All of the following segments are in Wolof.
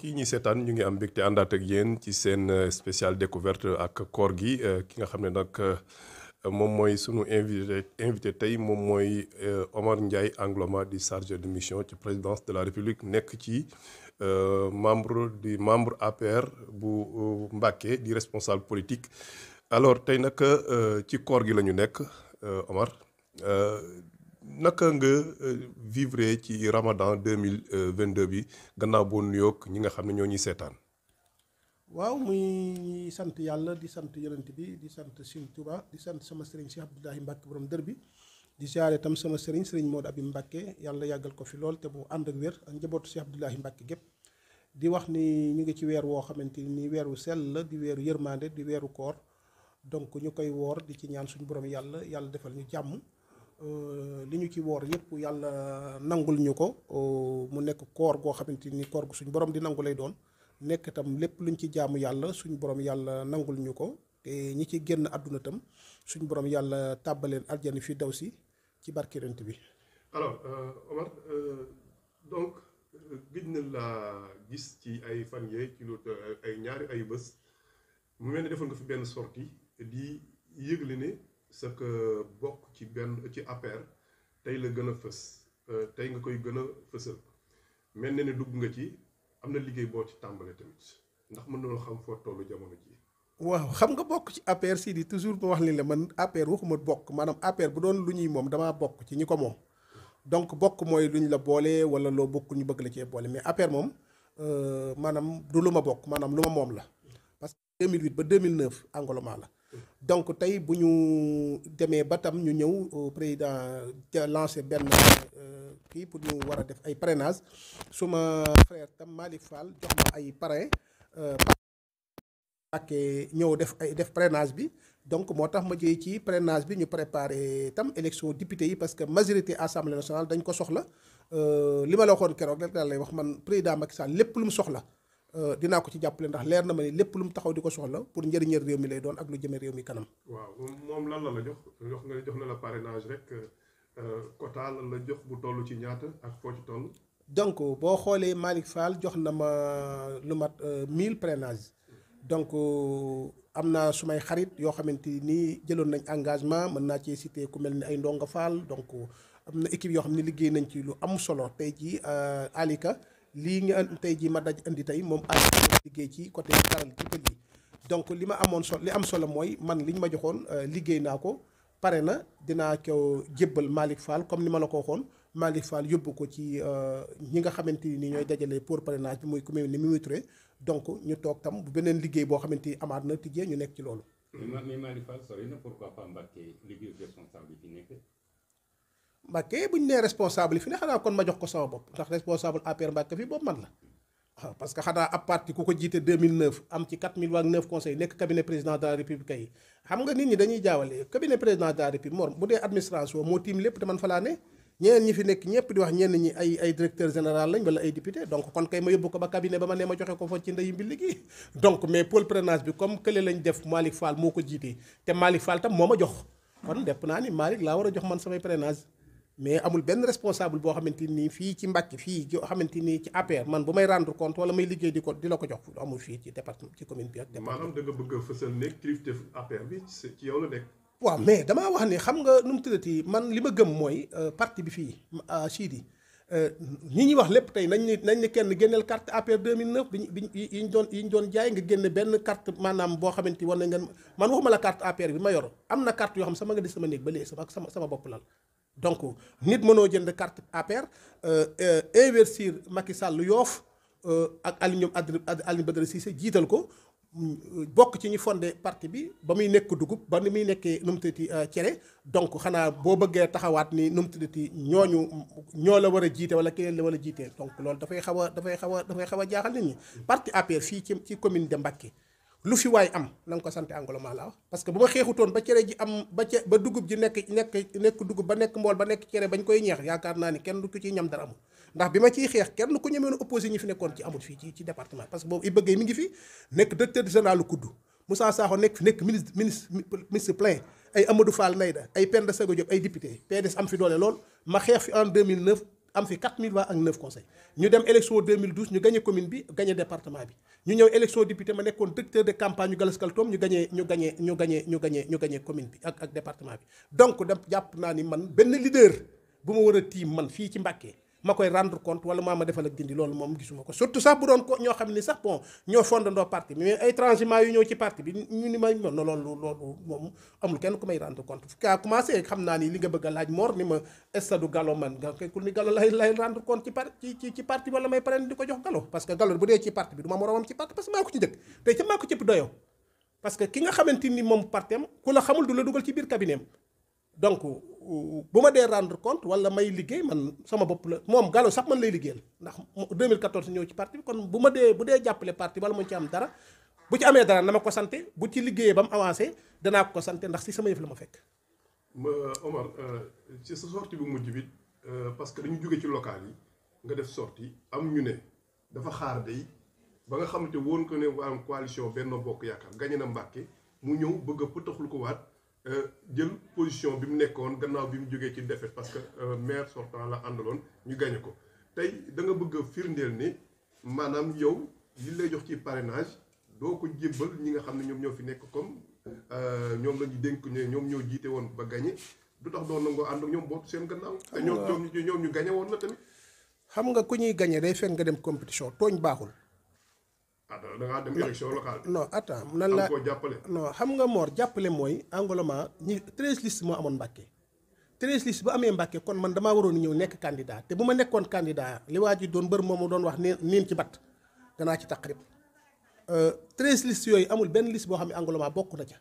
mbokk yi seetaan ñu ngi am mbégte àndaat ak yéen ci seen euh, spécial découverte ak koor gi euh, ki nga xam ne nag euh, moom mooy sunu invité invité tey moom mooy Omar Ndiaye Angloma di chargé de mission ci présidence de la République nekk ci membre di membre APR bu Mbacké di responsable politique alors tey nag ci koor gi la ñu nekk Omar naka nga euh, vivre ci Ramadan deux mille vingt deux bi gannaaw boo nuyoog ñi nga xam ne ñoo ñuy seetaan. waaw muy sant yàlla di sant yonent bi di sant Sëriñ Tuuba di sant sama sëriñ Cheikh Abdoulahi Mbacke borom dër bi. di siyaare tam sama sëriñ sëriñ mood Abi Mbacke yàlla yàggal ko fi lool te mu ànd ak wér ak njabootu Cheikh Abdoulahi Mbacke gépp di wax ni ñu ngi ci weer woo xamante ni weeru sell la di weeru yërmande di weeru koor donc ñu koy woor di ci ñaan suñu borom yàlla yàlla defal ñu jàmm. Euh, li ñu ci woor yëpp yàlla nangul ñu ko euh, mu nekk koor goo xamante ni koor gu suñu borom di nangu lay doon nekk itam lépp luñ ci jaamu yàlla suñu borom yàlla nangul ñu ko te ñi ci génn àdduna tam suñu borom yàlla tàbbaleen aljani fi daw si ci barkirant bi. alors euh, Omar donc gëj na laa gis ci ay fan yee ci lu ay ñaari ay bés mu mel ne defoon nga fi benn sortie di yëgle ne. ce que bokk ci benn ci APR tey la gën a fës euh, tey nga koy gën a fësal mel na ni dugg nga ci am na liggéey boo ci tàmbale tamit ndax mën na xam foo tollu jamono ji waaw xam nga bokk ci APR si di toujours ma wax ni la man APR waxuma bokk maanaam APR bu doon lu ñuy moom damaa bokk ci ñi ko moom donc bokk mooy luñ la boole wala loo bokk ñu bëgg la cee boole mais APR moom euh, maanaam du lu ma bokk maanaam lu ma moom la parce que 2008 ba 2009 Angoloma la donc tey bu ñu demee ba tam ñu ñëw euh, président ca lancé benn euh, kii pour ñu war a def ay su ma frère tam Malick Fall jox ma ay parrain euh, ak ñëw def ay def parrainage bi donc moo tax ma jëyee ci parrainage bi ñu préparé tam élection député yi parce que majorité assemblée nationale dañ ko soxla li ma la waxoon keroog rek daal lay wax man président Macky Sall lépp lu mu soxla Euh, dinaa ko ci jàppale ndax leer na ma ni lépp lu mu taxaw di ko soxla pour njëriñal réew mi lay doon ak lu jëme réew mi kanam. waaw moom lan la la jox jox nga jox na la parrainage rek euh, euh, quota lan la jox bu toll ci ñaata ak foo ci donc boo xoolee Malick Fall jox na ma lu mat mille parrainage donc am na may xarit yoo xamante nii jëloon nañ engagement mën naa cee sitee ku mel ni ay ndongo Fall donc am na équipe yoo xam ne liggéey nañ ci lu am solo tey jii Alika. lii nga tey jii ma daj indi tey moom ànd liggéey ci côté karal ci pël yi donc li ma amoon sol li am solo mooy man li ñu ma joxoon euh, liggéey naa ko pare na dinaa ko jébbal Malick Fall comme ni ma la ko waxoon Malick Fall yóbbu ko ci euh, ñi nga xamante ni ñooy dajale pour parrainage bi muy ku mel ni Mimi Touré donc ñu toog tam bu beneen liggéey boo xamante ni amaat na tijjee ñu nekk ci loolu. mais na pourquoi pas Mbacké liggéey Mbàkke bu ñu nee responsable yi fi ne xanaa kon ma jox ko sama bopp ndax responsable APR Mbàkke fi bopp man la parce que xanaa ab parti ku ko jiite 2009 am ci 4000 waa 9 conseil nekk cabinet président de la république yi xam nga nit ñi dañuy jaawale cabinet président de la république moom bu dee administration moo tiim lépp te man fa laa ne ñeneen ñi fi nekk ñëpp di wax ñenn ñi ay ay directeur général lañ wala ay député donc kon kay ma yóbbu ko ba cabinet ba ma ne ma joxe ko fa ci ndeyu mbi gi donc mais naa ni Malick laa war a jox man samay parrainage mais amul benn responsable boo xamante nii fii ci Mbàkke fii yoo xamante nii ci APR man bu may rendre compte wala may liggéey di ko di la ko jox amul fii ci département ci commune ak maanaam a fësal waaw mais damaa wax ne xam nga nu mu tuddati man li ma gëm mooy euh, parti bi fii euh, Sidi euh, ñi ñuy wax lépp tey nañ ne nañ ne kenn génneel carte APR 2009 bi ñu yi ñu doon yi jaay nga génne benn carte maanaam boo xamante war na ngeen man waxuma la carte APR bi ma yor am na bopp lal donc nit mënoo jënd carte APR euh, euh, investir Macky yoof Yoff euh, ak Aliou ñoom Aliou si Cissé jiital ko bokk ci ñu fondé parti bi ba muy nekk dugub ba ni muy nekkee nu mu tuddati cere donc xanaa boo bëggee taxawaat ni nu mu tuddati ñooñu ñoo la war a jiite wala keneen la war a jiitee donc loolu dafay xaw a dafay xaw a dafay xaw a jaaxal nit ñi parti APR fii ci ci commune de Mbacké lu fi waay am na nga ko sante Angloma laa wax parce bu ma xeexutoon ba cere ji am ba ce ba dugub ji nekk nekk nekk dugub ba nekk mbool ba nekk cere bañ koy ñeex yaakaar naa ni kenn du ci ñam dara amul ndax bi ma ciy xeex kenn ku ñemeenu opposé ñi fi nekkoon ci amul fii ci ci département parce que boobu i bëggee mi ngi fi nekk directeur général lu kudd Moussa Sakho nekk nekk ministre ministre ministre plein ay Amadou Fall Nayda ay Penda Sego Diop ay député ñu ñëw élection député ma nekkoon directeur de campagne ñu Galaskaltoom ñu gañee ñu gañee ñu gañee ñu gañee ñu gañee commune bi ak ak département bi donc da jàpp naa ni man benn leader bu ma war a tiim man fii ci Mbàkke ma koy rendre compte wala maa ma defal ak dindi loolu moom gisuma ko surtout sax bu doon ko ñoo xam ni sax bon ñoo fondandoo parti bi ma ku may rendre compte fu a laaj nga ku ni Gallo lay lay rendre compte ci par ci ci parti wala may parrain di ko jox Gallo parce que Gallo bu dee ci parti bi du ma moromam ci parti parce que maa ko ci jëkk te maa ko cëpp doyoo parce que ki nga xamante ni moom parti am ku la xamul du la dugal ci biir cabinet donc bu ma dee rendre compte wala may liggéey man sama bopp la moom Gallo sax man lay liggéeyal ndax deux 2014 ñëw ci parti bi kon bu ma dee bu dee jàppale parti wala mu ci dara bu ci amee dara na ko sante bu ci liggéeyee ba mu avancé danaa ko ko sante ndax si sama la ma fekk. Omar euh, ci sa sortie bu mujj bi euh, parce que dañu jóge ci local yi nga def sortie am ñu ne dafa xaar day ba nga xamante woon ko ne waa coalition benn Bokk Yaakaar gañe na Mbàkke mu ñëw bëgg a pëtaxlu ko waat. Euh, jël position bi mu nekkoon gannaaw bi mu jógee ci défaite parce que euh, maire sortant la àndaloon ñu gañu ko tey da nga bëgg a firndeel ni maanaam yow li lay jox ci parrainage doo ko jébbal ñi nga xam ne ñoom ñoo fi nekk comme euh, ñoom la ñu dénk ne ñoom ñoo jiite woon ba gañe du tax doon nangoo ànd ak ñoom boobu seen gannaaw. te ñoom ñoom ñu gañe woon na tamit. xam nga ku ñuy gañe day fekk nga dem compétition tooñ baaxul. attends da ngaa dem élection locale. non attends nan la koo xam nga moor jàppale mooy Angloma ñi treize listes moo amoon Mbàkke treize listes bu amee Mbàkke kon man damaa waroon ñëw nekk candidat te bu ma nekkoon candidat li waa ji doon mbër moomu doon wax neen neen ci bat danaa ci taqrib euh, treize listes yooyu amul benn liste boo xam ne Angloma bokk na ca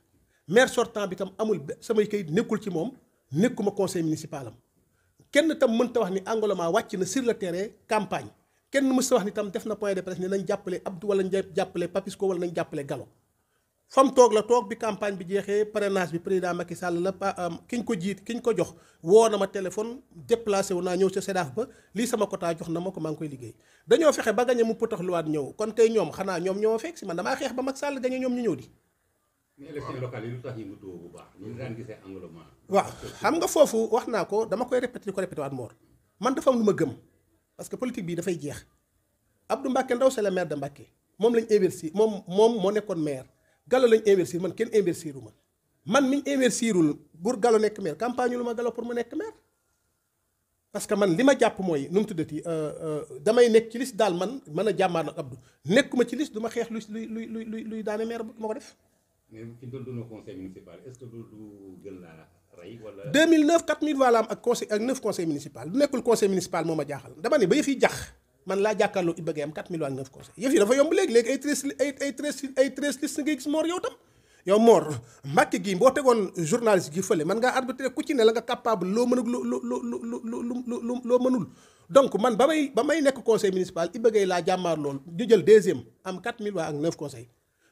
maire sortant bi tam amul samay kayit nekkul ci moom nekkuma conseil municipal am kenn tam mënta wax ni Angloma wàcc na sur le terrain campagne. kenn mës a wax ni tam def na point de presse ne nañ jàppale Abdou wala nañ jàppale Papisco wala nañ jàppale Gallo fam toog la toog bi campagne bi jeexee parrainage bi président Macky Sall la ah, ah, ki ko jiit ki ko jox woo na ma téléphone déplacé wu naa ñëw sa SEDAF ba lii sama quota jox na ma ko maa ngi koy liggéey dañoo fexe ba gañe mu potax waat ñëw kon tey ñoom xanaa ñoom ñoo fekk si man damaa xeex ba ma Sall gañe ñoom ñu ñëw di waaw xam nga foofu wax naa ko dama koy répété ko répété waat moor man dafa am lu gëm parce que politique bii dafay jeex Abdou Mbacké Ndaw c'est le maire moom lañ investir moom moom moo nekkoon maire Gallo lañ investir man kenn investiru ma man miñ investirul pour Gallo nekk maire campagne lu ma Gallo pour mu nekk maire parce que man li ma jàpp mooy nu mu tuddati euh, euh, damay nekk ci lis daal man mën a jàmmaan ak Abdou nekkuma ci liste du ma xeex luy luy luy luy daane maire ma ko def. mais ki doon conseil municipal est-ce que 2009 4000 voix la am ak conseil ak 9 conseil municipal du nekkul conseil municipal moo ma jaaxal dama ne ba yëf yi jax man laa jàkkaarloo ay treize ay ay treize ay treize liste nga gis moor yow tam yow moor Mbàkke gi boo tegoon journaliste gi fële man ngaa arbitré ku ci ne la nga capable loo mën ak man ba may ba may nekk conseil municipal i bëggee laa jàmmaar loolu ñu jël deuxième am 4000 voix ak 9 conseil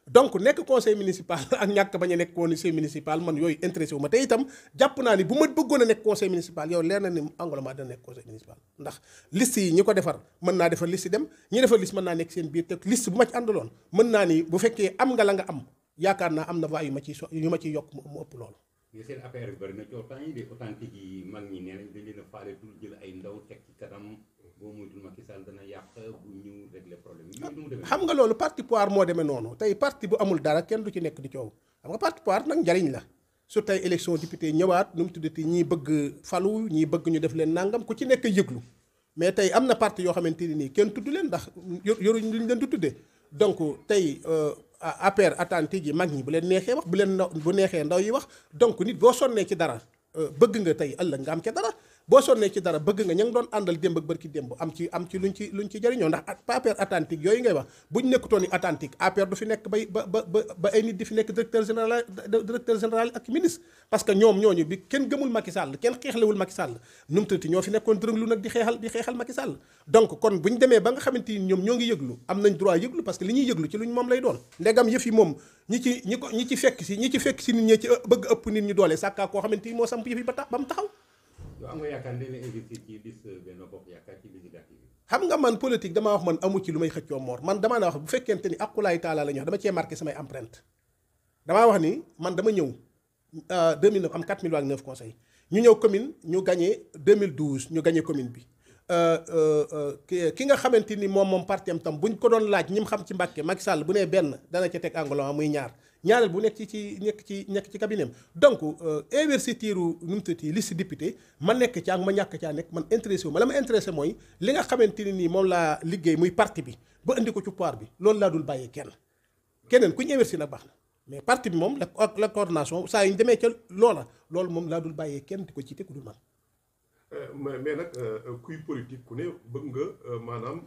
donc nekk conseil municipal ak ñàkk bañ a nekk conseil municipal man yooyu intéressé te itam jàpp naa ni bu ma bëggoon a nekk conseil municipal yow leer na ni Angloma dina nekk conseil municipal ndax liste yi ñi ko defar mën naa defar liste dem ñi defar liste mën naa nekk seen biir te liste bu ma ci àndaloon mën naa ni bu fekkee am nga la nga am yaakaar naa am na voix yu ma ciy yokk mu ëpp loolu seen boo moytul Macky Sall ñu régler problème yi. xam nga loolu parti poir moo demee noonu tey parti bu amul dara kenn du ci nekk di coow xam nga parti pouvoir nag njariñ la su tey élection député ñëwaat nu mu te ñii bëgg falu ñii bëgg ñu def leen nangam ku ci nekk yëglu mais tey am na parti yoo xamante ni nii kenn tudd leen ndax yoruñ luñ leen di tuddee donc tey. Euh, APR attente ji mag ñi bu leen neexee wax bu leen bu neexee ndaw yi wax donc nit boo sonnee ci dara euh, bëgg nga tey ëllëg nga am ca dara boo sonnee ci dara bëgg nga ña ngi doon àndal démb ak bërki démb am ci am ci luñ ci luñ ci jëriñoo ndax APR Atlantique yooyu ngay wax buñ nekkutoon ni Atlantique ak ministre parce que ñoom ñooñu bi kenn gëmul Macky Sall kenn xeexlewul Macky Sall nu mu tëddee ñoo fi nekkoon dërëm lu nag di xeexal di xeexal Macky Sall donc kon buñ demee ba nga xamante ni ñoom ñoo ngi yëglu am nañ droit yëglu parce que li ñuy yëglu ci luñ moom lay doon ndegam yëf yi moom ci ñi ko ñi ci fekk si ñi ci doole sàkkaa koo xamante ni moo samp yëf yi yow am nga yaakaar ne dina xam nga man politique damaa wax man amu ci lu may xëccoo moor man damaa ne wax bu fekkente ni akulaay taala la ñu wax dama cee marqué samay empreinte damaa wax ni man dama ñëw 2009 euh, am 4 009 conseils ñu ñëw commune ñu gagné 2012 ñu gagné commune bi euh, euh, ki nga xamante ni moom moom parti am tam buñ ko doon laaj ñi xam ci Mbàkke mag sàll bu nee benn dana ca teg angoloma muy ñaar ñaareel bu nekk ci ci nekk ci nekk ci cabinet donc euh, investiture nu mu tuddati liste ma nekk ci am ma ñàkk caa nekk man intéressé wu ma la ma intéressé mooy li nga xamante ne nii moom laa liggéey muy parti bi ba indi ko ci poir bi loolu laa dul bàyyee kenn keneen ku ñu investi nag baax na mais parti bi moom la la coordination saa yu ñu demee ca loola loolu moom laa dul bàyyee kenn di ko jiite ku dul man euh, mais nag euh, kuy politique ku ne bëgg nga maanaam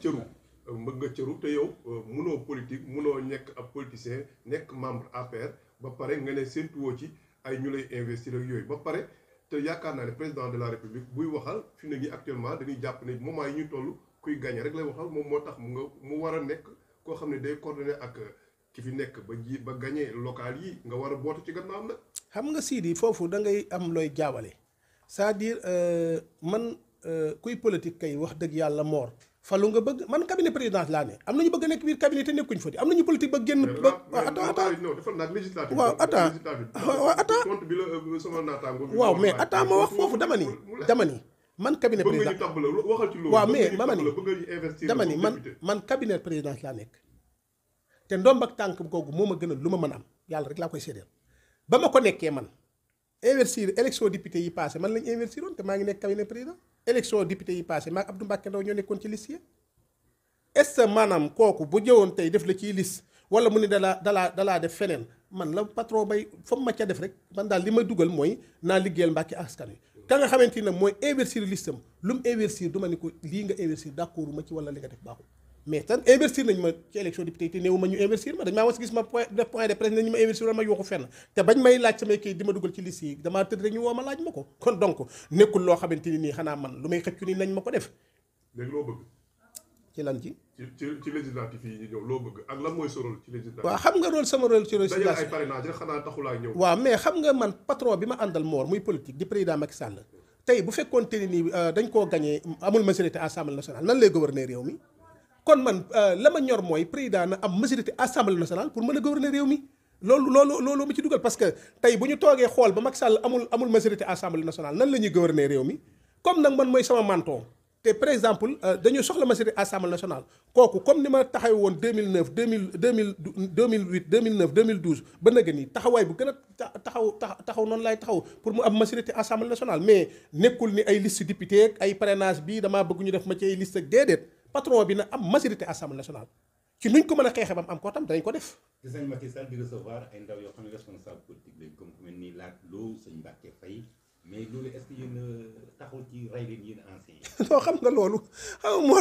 cëru Euh, mbëgg nga cëru te yow euh, munoo politique munoo nekk ab politicien nekk membre APR ba pare nga ne séentuwoo ci ay ñu lay investir yooyu ba pare te yaakaar naa ne président de la république buy waxal fi ne nii actuellement dañuy jàpp ne moment yi ñuy toll kuy gagné rek lay waxal moom moo tax mu nga mu war a nekk koo xam ne day coordonné ak euh, ki fi nekk ba ji ba gagné local yi nga war a bootu ci gannaaw nag. xam nga Sidi foofu da ngay am looy jaawale c'est-à-dire man kuy politique kay wax dëgg yàlla moor. falu nga bëgg man cabinet présidence laa ne am na ñu bëgg a nekk biir cabinet te nekkuñ am na ñu politique ba génn. ba waaw attends attends non dafa naan législative. waaw attends ah, waaw attends compte bi la euh, sama naataango. waaw mais attends ma wax foofu dama ni dama ni. man cabinet président waaw mais ma présidence laa nekk. te ndomb ak tànk googu moo ma gën a lu ma mën am yàlla rek laa koy séddeel ba ma ko nekkee man. investir élection député yi passé man lañ investir woon te maa ngi nekk cabinet président élection député yi passé maag Abdou Mbacke Ndaw ñoo nekkoon ci liste yi est ce que maanaam kooku bu jëwoon tey def la ciy liste wala mu ne dalaa dalaa dalaa def feneen man la patron bay fa mu ma ca def rek man daal li ma dugal mooy naa liggéeyal Mbacke askan wi ka nga xamante ne mooy investir listam lu mu investir du ma ni ko lii nga investir d'accord ma ci wala li nga def baaxul mais tan investir nañ ma ci élection député te néew ma ñu investir ma dañ maa was gis ma point de presse ma investir ma yooxu ma dugal ma ko kon donc nekkul loo xamante ni nii xanaa man lu may xëccu ni nañ ma ko def léegi loo ci lan ci ci ci mooy sa rôle ci législatif waaw xam nga rôle sama rôle ci législatif ay parrainage rek xanaa taxulaa ñëw waaw mais xam nga man ma àndal moor muy politique di président Macky Sall tey bu fekkoon te ni euh, dañ koo gagné amul majorité assemblée nationale nan lay gouverner réew mi kon man euh, la ma ñor mooy président na am majorité assemblée nationale pour mën a gouverner réew mi loolu loolu loolu ma ci dugal parce que tey bu ñu toogee xool ba Macky Sall amul amul majorité assemblée nationale nan la ñuy gouverner réew mi comme nag man mooy sama manton te par exemple euh, dañu soxla majorité assemblée nationale kooku comme ni ma taxaw woon 2009 2000 2000 2008 2009 2012 ba nag nii taxawaay bu gën a taxaw taxaw noonu laay taxaw pour mu am majorité assemblée nationale mais nekkul ni ay liste député ay parrainage bi damaa bëgg ñu ma ci ay liste patron bi na am majorité assemblée nationale ci nuñ ko mën a xeexee ba mu am ko tam danañ ko def. gis nañ Macky Sall di recevoir ay ndaw yoo xam ne ni laaj loo sëñ mais loolu est-ce que yéen xam nga loolu xaw ma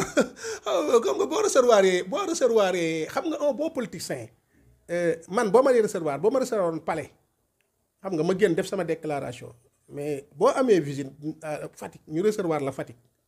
xam nga boo recevoir boo recevoir xam nga un bon politicien euh, man boo ma di recevoir boo ma recevoir woon palais xam nga ma génn def sama déclaration mais boo amee visite euh, Fatick ñu recevoir la Fatick.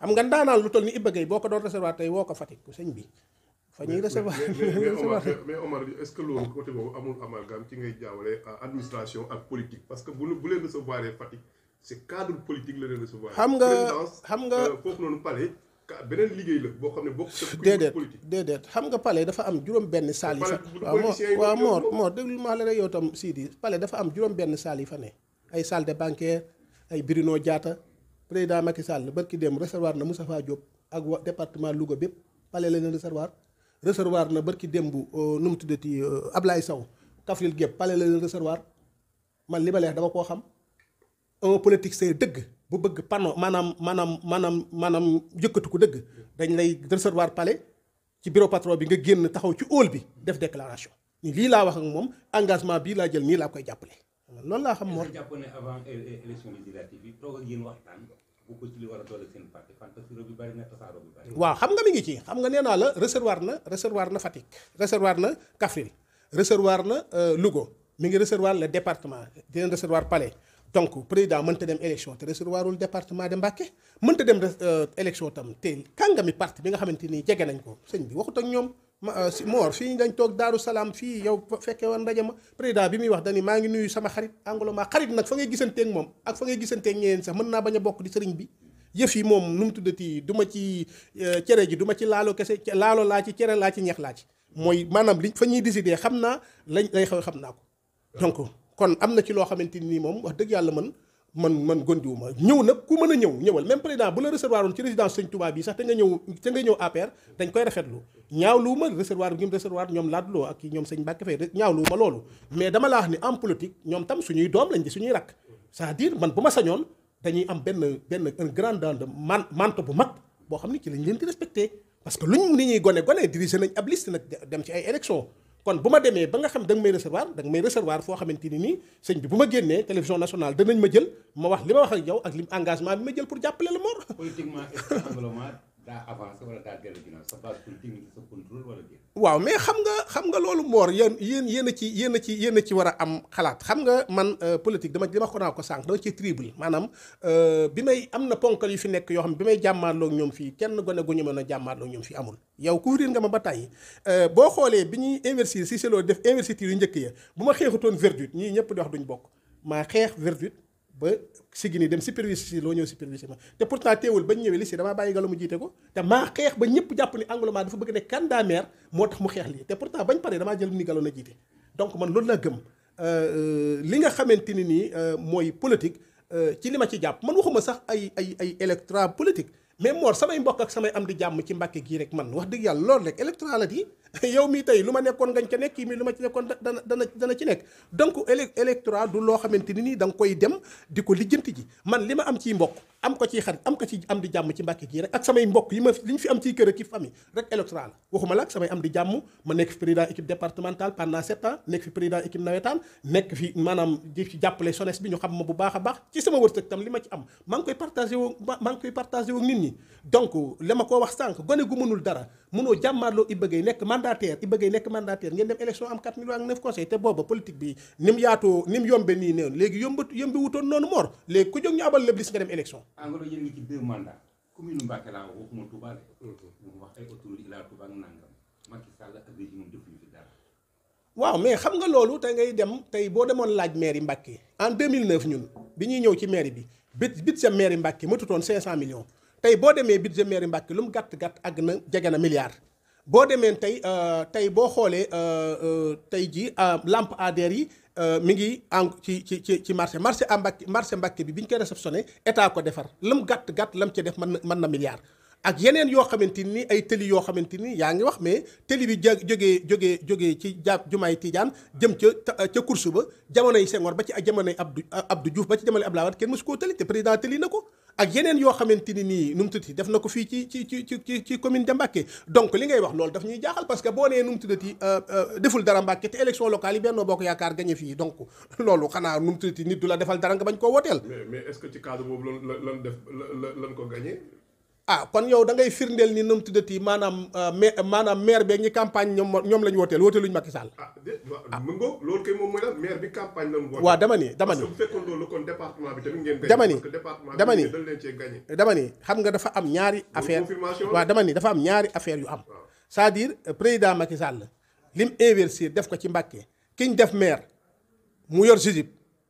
xam nga ndaanaan lu toll ni boo ko doon recevoir tey woo ko Fatick sëñ bi fa ñuy recevoir mais Omar est-ce que euh, parce que bu bu leen recevoir Fatick c'est cadre xam nga xam nga euh, foofu noonu palais beneen liggéey la boo xam ne bokk sa déedéet déedéet xam nga palais dafa am juróom benn saal yi fa waaw moo waaw moo moo déglu maa la rek yow tam sii di palais dafa am juróom benn saal yi fa ne ay salle de banquier ay birino jaata président Macky Sall barki dem recevoir na Moustapha Diop ak wa département Louga bépp pale la leen recevoir recevoir na dem euh, bu nu mu tuddati euh, Ablaye saw Kaffrine gépp pale la leen recevoir man li ma leex dama koo xam un politicien dëgg bu bëgg panno maanaam maanaam maanaam maanaam yëkkatu ko dëgg dañ lay recevoir pale ci bureau patron bi nga génn taxaw ci hall bi def déclaration ni lii laa wax ak moom engagement bii laa jël nii laa koy jàppale loolu laa xam Mor. jàpp ne avant a doole seen parti fantasiro waaw xam nga mi ngi ci xam nga nee naa la recevoir na recevoir na Fatick recevoir na Kaffrine recevoir na euh, Louga mu ngi recevoir le département dina recevoir Palais. donc président mënta dem élection te recevoirul département de Mbacké mënta dem euh, élection tam te kàngami parti bi nga xamante ni jege nañ ko sëñ bi waxut ak ñoom. ma euh, Mor fii dañ toog Daaru Salaam fii yow fekkee woon ndaje ma président bi muy wax dañu maa ngi nuyu sama xarit anglo ma xarit nag fa ngay gisanteeg moom ak fa ngay gisanteeg ñeneen sax mën naa a bokk di sëriñ bi yëf yi moom nu mu tuddati du ma ci euh, cere ji du ci laalo kese laalo laa ci cere laa ci ñeex laa ci mooy maanaam li fa ñuy décider xam naa lañ lay xew xam naa ko donc kon am na ci loo xamante ni moom wax dëgg yàlla man man man gondiwuma ñëw nag ku mën a ñëw ñëwal même président bu la recevoir woon ci résidence sëñ Touba bii sax te nga ñëw te nga ñëw APR dañ koy rafetlu ñaawluwuma recevoir ngim recevoir ñoom laadloo ak ñoom sëñ Mbacke Faye ñaawluwuma loolu mais dama la wax ni en politique ñoom tam suñuy doom lañ di suñuy rakk c'est-à-dire man bu ma sañoon dañuy am benn benn un grand dande man bu mag boo xam ne ci lañ leen di respecté parce que luñ ni ñuy gone gone dirigé nañ ab liste nag dem ci ay kon bu ma demee ba nga xam da nga may recevoir da may recevoir foo xamante ni nii sëñ bi bu ma génnee télévision nationale danañ ma jël ma wax li ma wax ak yow ak li engagement bi ma jël pour jàppale la Mor. politiquement daa avancé wala daa dellu waaw mais xam nga xam nga loolu moor yéen yéen yéen ci yéen a ci yéen a ci war a am xalaat xam nga man euh, politique dama dama ko naa ko sànq dama ci tribul maanaam euh, bi may am na ponkal yu fi nekk yoo xam bi may jàmmaarloog ñoom fii kenn gone gu ñu mën a ñoom fii amul. yow couvrir nga ma ba tàyyi euh, boo xoolee bi ñuy investir si selo def investiture yu njëkk ya bu ma xeexutoon vertu ñii ñëpp di wax duñ bokk maa xeex vertu. ba sigi nii dem superviser loo ñëw superviser ma te pourtant teewul bañ ñëwee li si damaa bàyyi galo mu jiite ko te maa xeex ba ñëpp jàpp ni Angloma dafa bëgg ne candidat moo tax mu xeex lii te pourtant bañ paree damaa jël ni galo na jiite donc man loolu laa gëm euh, euh, li nga xamante ni nii euh, mooy politique ci li ma ci jàpp man waxuma sax ay ay ay électorat politique mais moor samay mbokk ak samay am di jàmm ci Mbàkke gii rek man wax dëgg yàlla loolu rek électorat la di yow mii tey lu ma nekkoon ngañ ca nekk kii ma ci nekkoon dana dana dana ci nekk donc élec électorat du loo xamante ni nii da koy dem di ko lijjanti ji man li ma am ciy mbokk am ko ciy xarit am ko ci am di jàmm ci mbàkk gii rek ak samay mbokk yi ma li ñu fi am ci famille rek électorat la waxuma la ak samay am di jàmm ma nekk fi président équipe départementale pendant sept ans nekk fi président équipe nawetaan nekk fi maanaam di ci jàppale SONES bi ñu xam ma bu baax a baax ci sama wërsëg tam li ma ci am maa ngi koy partagé woo maa ngi koy partagé woo nit ñi donc li ma ko wax sànq gone gu mënul dara mënoo jàmmaarloo Iba Gueye nekk mandataire Iba Gueye nekk mandataire ngeen dem élection am 4 millions ak 9 conseils te booba politique bi ni mu yaatoo ni mu yombe nii néew léegi yomb yombi wutoon noonu moor léegi ku jóg ñu abal lépp liste nga dem élection waaw mais xam nga loolu te ngay dem tey boo demoon laaj mairie Mbacké en 2009 ñun bi ñuy ñëw ci mairie bi bit bit sa mairie Mbacké matutoon cent millions tey boo demee budget mairie Mbàkke lu mu gàtt-gàtt àgg na jege na milliard boo demee tey euh, tey boo xoolee euh, euh, tey ji lampe ADR yi mu ngi en ci ci ci ci marché marché à Mbàkke marché Mbàkke bi bi ñu koy réceptionné état ko defar lu mu gàtt-gàtt lam ci def man na mën na milliard ak yeneen yoo xamante ni ay tëli yoo xamante ni yaa ngi wax mais tëli bi jógee jógee jógee ci ja jumaay Tidiane jëm ca ca course ba jamonoy Senghor ba ci jamonoy Abdou Abdou Diouf ba ci jamonoy Abdoulaye Wade kenn mësu koo tëli te président tëli na ko ak yeneen yoo xamante ni nii nu mu tuddati def na ko fii ci ci ci ci ci commune de Mbacké donc li ngay wax loolu daf ñuy jaaxal parce que boo nee nu mu tuddati euh, euh, deful dara Mbacké te élection locale yi Benno Bokk Yaakaar gañe fii donc loolu xanaa nu nit du la defal dara nga bañ koo wooteel. mais mais est-ce que ci cadre boobu lan lan def lan lan ko gañe ah kon yow da ngay firndeel ni nu mu maanaam ah, ma maanaam maire beeg ñi campagne ñoom ñoom la ñu wooteel wooteeluñu Macky Sall. ah loolu kay moom mooy la maire bi campagne la mu woote. waaw dama ni dama ni dama ni dama ni xam nga dafa am ñaari affaire waaw dama ni dafa am ñaari affaire yu am. cest diir dire président Macky Sall lim investir def ko ci Mbacké ki ñu def maire mu yor Jidib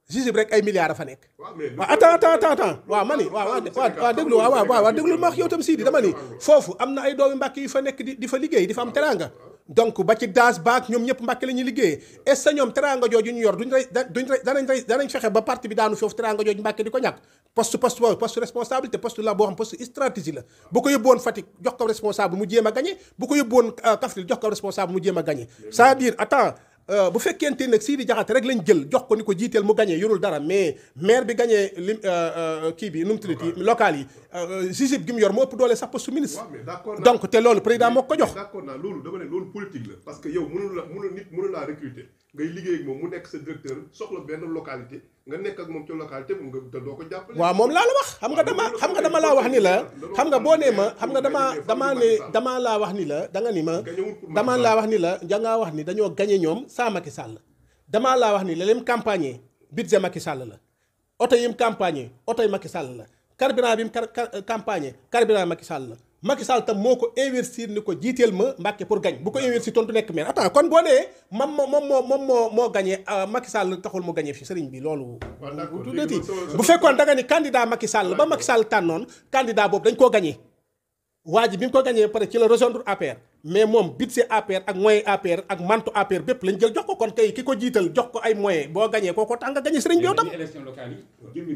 juge bi rek ay milliards dafa nekk. waaw ah, attends attends attends waaw ma ni waaw waaw déglu waaw waaw waaw déglu ma wax yow tam Sidi dama ni foofu am na ay doomi Mbàkke yu fa nekk di fa liggéey di fa am teraanga donc ba ci daas baak ñoom ñëpp Mbàkke la ñuy est ce ñoom teraanga jooju ñu yor duñ rey duñ danañ fexe ba parti bi daanu foofu teraanga jooju Mbàkke di ko ñàkk poste poste boobu poste responsabilité poste la boo xam poste stratégie la bu ko yóbbu woon jox a gagné bu ko yóbbu woon euh, Kaffrine jox a gagné Euh, bu fekkente nag Sidi Diakhaté rek lañ jël jox ko ni ko jiiteel mu gagné yorul dara mais mair bi gagné lim euh, euh, kii bi nu mu tuddati yi Jijib gi mu yor moo ëpp doole sax poste ministre. donc te loolu président moo ko jox. d'accord naa loolu dama ne loolu politique la. parce que yow mënul la mënul nit mënul laa recruter ngay liggéey ak moom mu nekk sa directeur soxla benn localité. nga nekk ak moom ci localité bi doo ko jàppale. waaw moom laa la wax xam nga dama xam nga dama laa wax ni la xam nga boo nee ma xam nga dama damaa ne damaa laa wax ni la da nga ni ma damaa laa wax ni la dangaa wax ni dañoo gañe ñoom saa Macky Sall damaa laa wax ni la leen campagne budget Macky Sall la oto yim campagne oto yi Macky Sall la carburant bi mu campagne carburant Macky Sall la Macky Sall tam moo ko investir ni ko jiiteel ma Mbacké pour gañ bu ko investir tontu nekk maire attends kon boo nee moom moo moom moo moom moo moo gagné euh, Macky Sall taxul mu gagné fi sëriñ bi loolu tuddati bu fekkoon da nga ni candidat Macky Sall ba Macky Sall tànnoon candidat boobu dañ koo gagné waa ji bi mu ko gagné pare ci la rejoindre APR mais moom budget APR ak moyen APR ak mantu APR bépp lañ jël jox ko kon kay ki ko jiital jox ko ay moyen boo gañee kooko tax nga gañe sëriñ bi yow tam élection locale yi jëmmi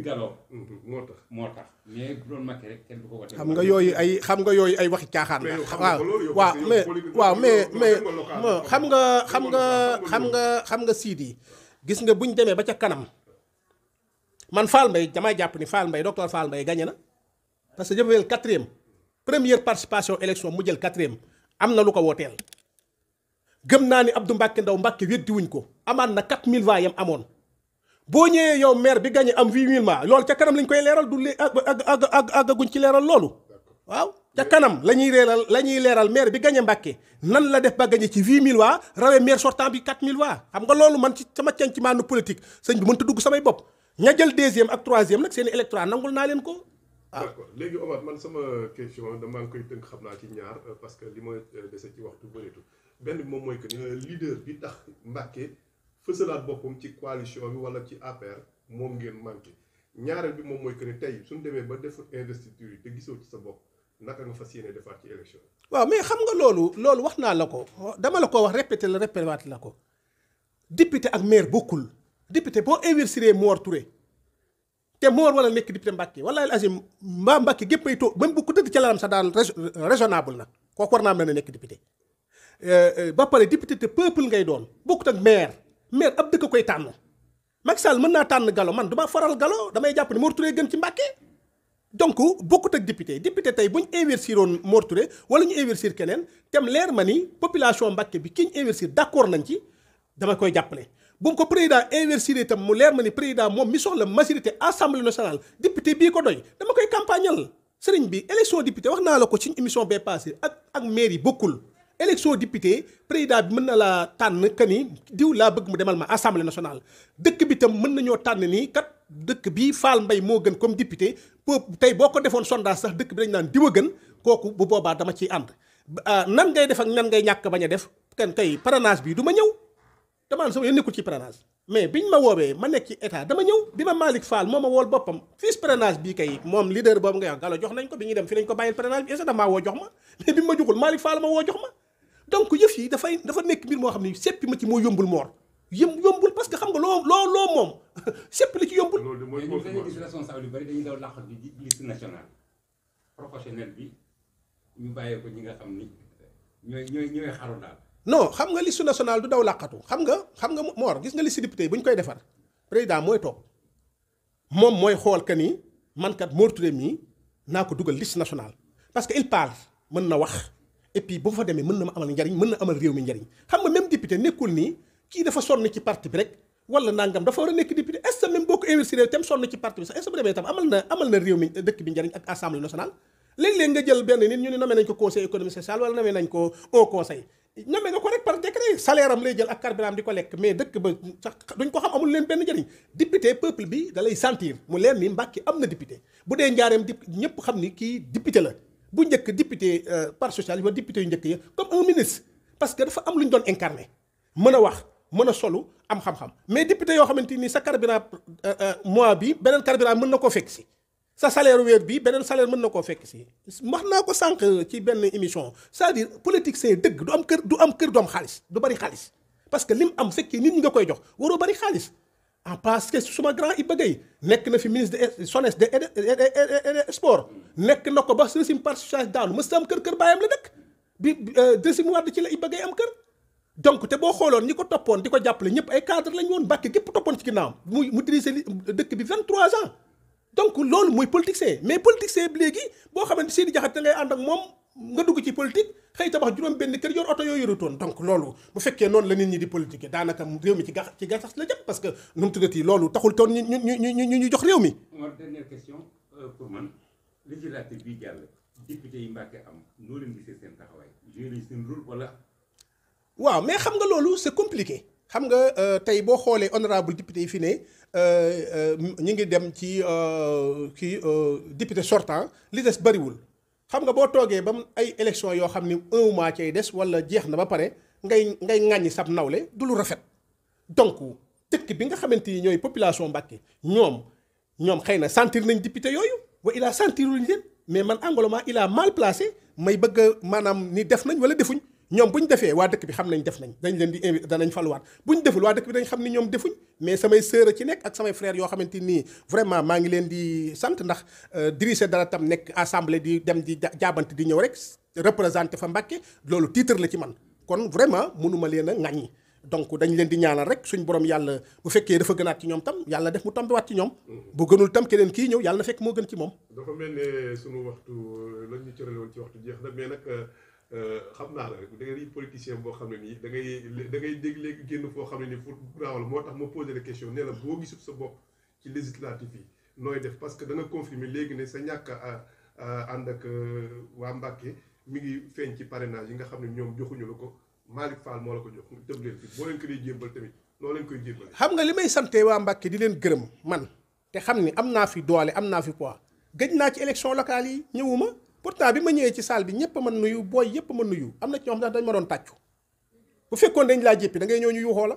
moo tax moo tax rek kenn ko wote nga yooyu ay xam nga yooyu ay waxi caaxaan la waaw waaw mais waaw mais mais xam nga xam nga xam nga xam nga siid yi gis nga buñ demee ba ca kanam man Fall Mbaye damay jàpp ni Fall mbay docteur Fall mbay gañe na parce que jëfewel quatrième première participation élection mu jël quatrième am na lu ko wooteel gëm naa ni ab Abdou Mbacke Ndaw Mbacke weddiwuñ ko amaat na 4000 voix yam amoon boo ñëwee yow maire bi gagné am 8000 voix loolu ca kanam lañ koy leeral du lé àgg àggaguñ ci leeral loolu waaw ca kanam la ñuy leeral la ñuy leeral maire bi gagné Mbacke nan la def ba gagné ci mil voix rawee maire sortant bi 4000 voix xam nga loolu man ci sama ci maanu politique sëñ bi mënta dugg samay bopp ña jël deuxième ak troisième nag seen i électorat nangul naa leen ko ah léegi Omar man sama question damaa ngi koy tënk xam naa ci ñaar euh, parce que li ma euh, dese ci waxtu bëreetul benn bi moom mooy que euh, leader bi tax Mbàkke fësalaat boppam ci coalition bi wala ci APR moom ngeen manqué ñaareel bi moom mooy que ne tey suñu demee ba def investiture yi te gisoo ci sa bopp naka nga fas yéene defaat ci élection waaw mais xam nga loolu loolu wax naa la ko dama la ko wax répété la répété waat la ko député ak maire bokkul député boo investir Mor te moo war wala nekk député Mbàkke wala azim mbaa Mbàkke gépp ay toog même bu ko tëdd ca lalam sax na kooku war naa mën a nekk euh, euh, ba pare député te peuple ngay doon bokkut ak maire maire ab dëkk a koy tànn Macky Sall mën naa tànn galo man du faral Gallo damay jàpp ne Mor Touré gën ci Mbàkke donc bokkut ak député député tey bu ñu investiroon Mor Touré wala ñu investir keneen tem leer ma ni population Mbàkke bi ki ñu investir d'accord nañ ci dama koy jàppale bu mu ko président investir itam mu leer ma ni président moom mi soxla majorité assemblée nationale député bii ko doy dama koy campagnal sëriñ bi élection député wax naa la ko ci émission bee passé ak ak maire yi bokkul. élection président mën na laa tànn que ni diw laa bëgg mu demal ma assemblée national dëkk bi tam mën nañoo tànn nii kat dëkk bi Fall mbay moo gën comme député peuple tey boo ko defoon sondage sax dëkk bi dañ naan diw a gën kooku bu boobaa dama ciy ànd. Ah, nan ngay def ak nan ngay ñàkk bañ a def kenn tey parrainage bii duma ñëw. dama ne sama yoon nekkul ci parrainage mais biñ ma woowee ma nekk ci état dama ñëw bi ma Malick Fall moo ma wool boppam fiis parrainage bii kay moom leader boobu nga wax galo jox nañ ko bi ñu dem fi lañ ko bàyyil parrainage bi est-ce damaa woo jox ma bi ma joxul Malick Fall ma woo jox ma donc yëf yi dafay dafa nekk mbir moo xam ne seppi ma ci moo yombul moor yëm yombul parce que xam nga loo loo loo moom sepp li ci yombul. loolu mooy gis responsable yu bari dañuy daw làqal bi ci liste nationale professionnel bi ñu ñi nga xam ni ñooy ñooy ñooy xaru daal non xam nga liste nationale du daw làqatu xam nga xam nga Mor gis nga liste député bu ñu koy defar président mooy toog moom mooy xool que ni man kat Mor Touré mii naa ko dugal liste nationale. parce que il parle mën na wax et puis bu fa demee mën na ma amal njariñ mën na amal réew mi njariñ xam nga même député nekkul nii kii dafa sonn ci parti bi rek wala nangam dafa war a nekk député est ce que même boo ko investir tam sonn ci parti bi sax est na amal na réew mi bi njariñ ak assemblée nationale. léeg-léeg nga jël benn nit ñu ne nommé nañ ko conseil économique social wala nommé nañ ko au conseil nommé nga ko rek par décret salaire am lay jël ak carburant di ko lekk mais dëkk ba duñ ko xam amul leen benn njëriñ député peuple bi da lay sentir mu leen ni Mbàkke am na député bu dee njaareem dip ñëpp xam ni kii député la bu njëkk député euh, par social yi wala député yu njëkk ya comme un ministre parce que dafa am lu ñu doon incarné mën a wax mën a solu am xam mais député yoo xamante ni sa carburant euh, euh, mois bi beneen carburant mën na koo fekk si sa salaire weer bii beneen salaire mën na koo fekk si wax naa ko sànq ci benn émission c'est-à-dire politique dëgg du am kër du am kër du am xaalis du bari xaalis parce que lim am fekkee nit ñi nga koy jox waroo bari xaalis en parce que grand Iba Gueye nekk na fi ministre de SONES de sport nekk na ko ba régime partage daanu mës am kër kër bàyyam la dëkk bi euh, deuxième Wade ci la Iba Gueye am kër donc te boo xooloon ñi ko toppoon di ko jàppale ñëpp ay cadre lañ woon Mbàkke gépp toppoon ci ginnaawam mu mu dirigé dëkk bi 23 ans donc loolu mooy politicien mais politicien bi léegi boo xamante Seydi Diakhaté ngay ànd ak moom nga dugg ci politique xëy tabax juróom benn kër yor oto yooyu yorutoon donc loolu bu fekkee noonu la nit ñi di politique daanaka réew mi ci gax ci gasax la jëm parce que nu mu tuddati loolu taxul toon ñu ñu ñu ñu ñu jox réew mi. mooy dernière question euh, pour man am noo leen gisee seen taxawaay waaw mais xam nga loolu c'est compliqué xam nga euh, tey boo xoolee honorable député yi fi ne. Euh, euh, ñu ngi dem ci euh, kii député sortant li des bariwul xam nga boo toogee ba mu ay élection yoo xam ni un mois cay des wala jeex na ba pare ngay ngay ŋàññi sab nawle du lu rafet donc tëkk bi nga xamante ni ñooy population Mbacké ñoom ñoom xëy na sentir nañ député yooyu wa il a sentir mais man Angloma il a mal placé may bëgg maanaam ni def nañ wala defuñ ñoom bu ñu defee waa dëkk bi xam nañ def nañ dañ leen di invité danañ faluwaat bu ñu deful waa dëkk bi dañ xam ni ñoom defuñ mais samay sœur a ci nekk ak samay frères yoo xamante nii vraiment maa ngi leen di sant ndax euh, dirigé dara tam nekk assemblée di dem di jaabante di ñëw rek représenté fa Mbàkke loolu titre la ci man kon vraiment mënuma leen a ŋàññi donc dañ leen di ñaanal rek suñ borom yàlla bu fekkee dafa gënaat ci ñoom tam yàlla def mu tombewaat ci ñoom. bu gënul tam keneen kii ñëw yàlla na moo gën ci moom. dafa mel ne sunu waxtu euh, lañ ñu cërale ci waxtu jeex na mais nag euh, Euh, xam naa la da ngay politicien boo xam ne nii da ngay da ngay dégg léegi génn foo xam ne nii pour raawal moo tax ma posé la question nee na boo gisul sa bopp ci législatif yi nooy def parce que dana confirmer léegi ne sa ñàkk a ànd ak euh, waa Mbàkke mu ngi feeñ ci parrainage yi nga xam ne ñoom joxuñu la ko Malick Fall moo la ko jox tëb leen fi boo leen ko dee jébbal tamit noo leen koy jébbal. xam nga li may sante waa Mbàkke di leen gërëm man te xam ni am naa fi doole am naa fi poids gëj naa ci élection locale yi ñëwuma. pourtant bi ma ñëwee ci saal bi ñëpp ma nuyu booy yëpp ma nuyu am na ci ñoo xam ne dañ ma doon tàccu bu fekkoon dañ laa jéppi da ngay ñëw ñu yuuxoo la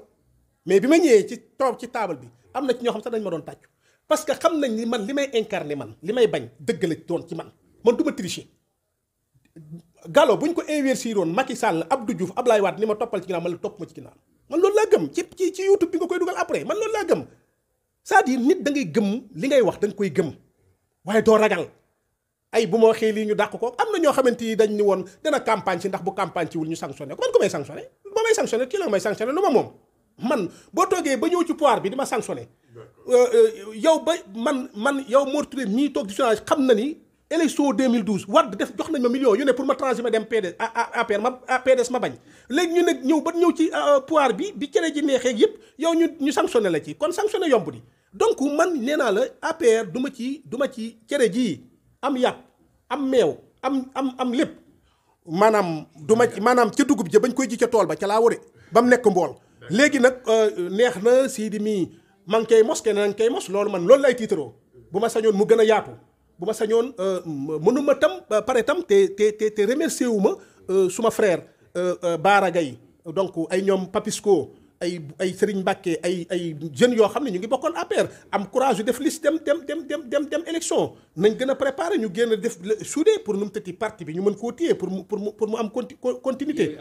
mais bi ma ñëwee ci toog ci taabal bi am na ci ñoo xam sax dañ ma doon tàccu parce que xam nañ ni man li may incarner man li may bañ dëgg la doon ci man man du ma tricher. Gallo bu ñu ko investir woon ab du Abdou ab Ablaye waat ni ma toppal ci ginnaaw man la topp ma ci ginnaaw man loolu laa gëm ci ci ci YouTube bi nga koy dugal après man loolu laa gëm cest à nit da ngay gëm li ngay wax da koy gëm waaye doo ragal. ay bu ma waxee lii ñu dàq ko am na ñoo xamante ni dañ ni woon dana campagne ci ndax bu campagne ci wul ñu sanctionné ko man ko may sanctionné ba may sanctionné boo toogee ba ñëw ci pouvoir bi di ma sanctionné euh, euh, yow ba man man yow Mor Touré ñii toog di xam na ni élection 2012 Wade def jox nañ ma million yu ne pour ma transhumer dem PDS APR ma PDS ma bañ léegi ñu ne ñëw ba ñëw ci euh, pouvoir bi bi cere ji neexee yëpp yow ñu ñu sanctionné la ci kon sanctionné yomb di donc man nee naa la APR du ma ci duma ci cere jii am yàpp am meew am am am lépp maanaam du ma maanaam ca dugub ja bañ koy ji ca tool ba ca laa ware ba mu nekk mbool léegi nag euh, neex na sii di mii ma ngi koy mos keneen ngi mos loolu man loolu lay tiitaroo bu ma sañoon mu gën a yaatu bu ma sañoon euh, mënuma tam euh, pare tam te te te remercier wu ma suma frère Baara yi donc ay ñoom Papisco ay ay Serigne Mbacke ay ay jeunes yoo xam ne ñu ngi bokkoon APR am courage yu def liste dem dem dem dem dem dem élection nañ gën a préparer ñu génn def soudé pour nu mu tëti bi ñu mën koo téye pour mu pour mu pour mu am conti continuité.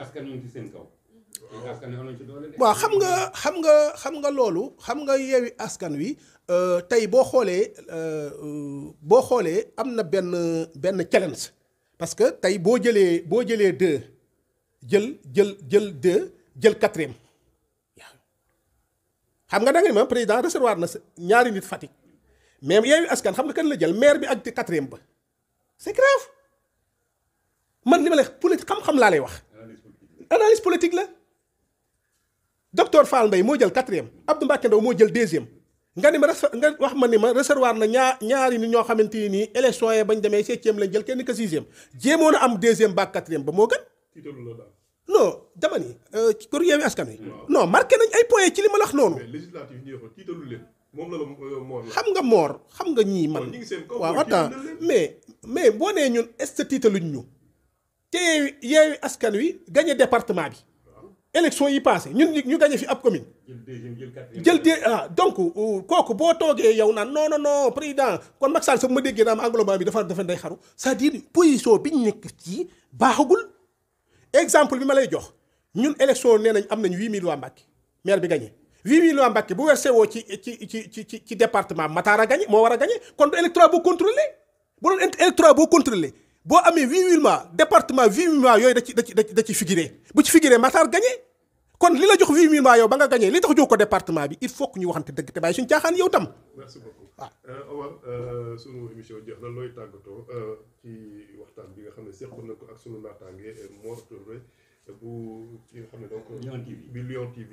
waa xam nga xam nga xam nga loolu xam nga yeewi askan wi euh, tey boo xoolee euh, euh, boo xoolee am na benn benn challenge parce que tey boo jëlee boo jëlee deux jël jël jël jël quatrième xam nga danga nga ma président recevoir na sa ñaari nit Fatick mais Yewwi Askan xam nga kan la jël maire bi ak di quatrième ba c'est grave man li ma lay politique xam-xam laa lay wax. analyse politique la. docteur Fall Mbaye moo jël quatrième Abdou Mbacke Ndaw moo jël deuxième nga ni ma nga wax ma ni ma recevoir na ñaar ñaari nit ñoo xamante ni nii élection yi bañ demee septième lañ jël kenn ka sixième jéemoon a am deuxième ba quatrième ba moo gën. non dama ni pour euh, yeewi askan wi. non marqué nañ ay points ci li ma la wax noonu. mais législative ñu wax tiitalu moom euh, xam nga moor xam nga ñii man. waaw attends mais mais boo nee ñun est ce tiitaluñ ñu. te yeewi askan wi gagné département bi. Ah. élection yi passé ñun ñu gagné fi ab commune. jël de ah donc euh, kooku boo toogee yow naan non non non président kon Macky Sall sax ma déggee naa am englobement bi dafa dafa day xaru c'est-à-dire bi ñu nekk ci baaxagul. exemple bi ma lay jox ñun élection nee nañ am nañ 8000 waa Mbacke maire bi gagné 8000 waa Mbacke bu versé woo ci ci ci ci ci département Matar a gagné moo war a gagné kon du électorat boo contrôlé bu doon électorat boo contrôlé boo amee 8000 waa département 8000 waa yooyu da ci da ci da ci figuré bu ci figuré Matar gagné. kon li la jox huit mille yow ba nga gagné li tax jox ko département bi il faut que ñu waxante dëgg te bàyyi suñu caaxaan yow tam. waaw euh, euh, na looy tàggatoo euh, ci waxtaan bi nga xam ne seqoon na ko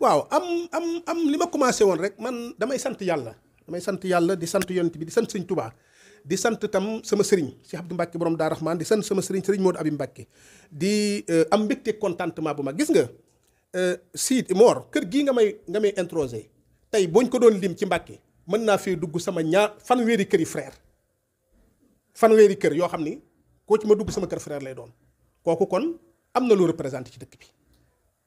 waaw am am am li ma commencé woon rek man damay sant yàlla damay sant yàlla di sant yonent bi di sant Sëñ Tuubaa di sant tam sama sëriñ si Abdou Mbacke borom daa raxmaan di sant sama sëriñ sëriñ Modou Abi Mbacke di am mbégte contentement bu mag gis nga. Euh, siid moor kër gii nga may nga may introsé tey booñ ko doon lim ci Mbàkke mën naa fee dugg sama ñaar fanweeri kër yi frère fanweeri kër yoo xam ni koo ci ma dugg sama kër frère lay doon kooku kon am na lu représenté ci dëkk bi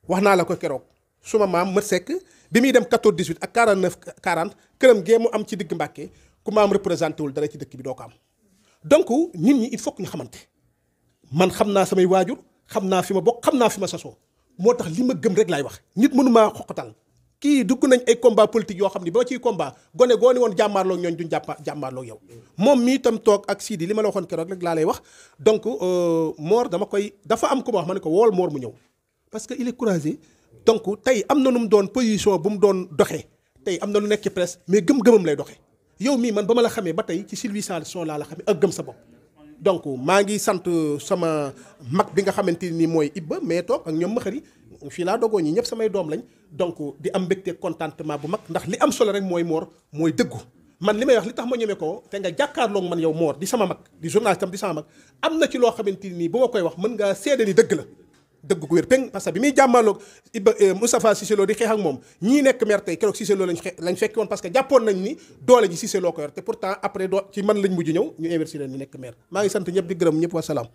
wax naa la ko keroog su ma maam mët sekk bi muy dem 14 18 ak 49 quarante këram gee mu am ci digg Mbàkke ku maam représenté wul dara ci dëkk bi doo ko am donc nit ñi il faut que ñu xamante man xam naa samay waajur xam naa fi ma bokk xam naa fi ma sasoo moo tax li ma gëm rek laay wax nit mënu maa xoqatal kii dugg nañ ay combat politique yoo xam ni ba ciy combat gone goo ne woon jàmmaarloo ñooñ duñ jàpp jàmmaarloo yow. moom mii itam toog ak Sidi li ma la waxoon keroog rek laa lay wax donc euh, Mor dama koy dafa am ko ma wax ma ne ko wool Mor mu ñëw parce que il est courageux donc tey am na nu mu doon position bu mu doon doxee tey am na lu nekk ci presse mais gëm-gëmam lay doxee yow mii man ba ma la xamee ba tey ci Sylvie Sanson laa la xamee ak gëm sa bopp. donc maa ngi sant euh, sama mag bi nga xamante nii mooy Ibba mais toog ak ñoom ma xëri fii laa dogoo ñi ñëpp samay doom lañ donc di am mbégte contentement bu mag ndax li am solo rek mooy moor mooy dëggu man li may wax li tax ma ñeme ko te nga jàkkaarloog man yow moor di sama mag di journaliste tam di sama mag am na ci loo xamante nii bu ma koy wax mën nga seede ni dëgg la dëgg gu wér péng parce bi muy jàmmaaloog Iba euh, Moustapha Cissé Lo di xeex moom ñii nekk maire tey keroog Cissé Lo lañ xe lañ fekki woon parce que jàppoon nañ ni doole ji Cissé Lo ko yor te pourtant après doo ci man lañ mujj ñëw ñu investir leen ñu nekk maire maa ngi sant ñëpp di gërëm ñëpp wasalaam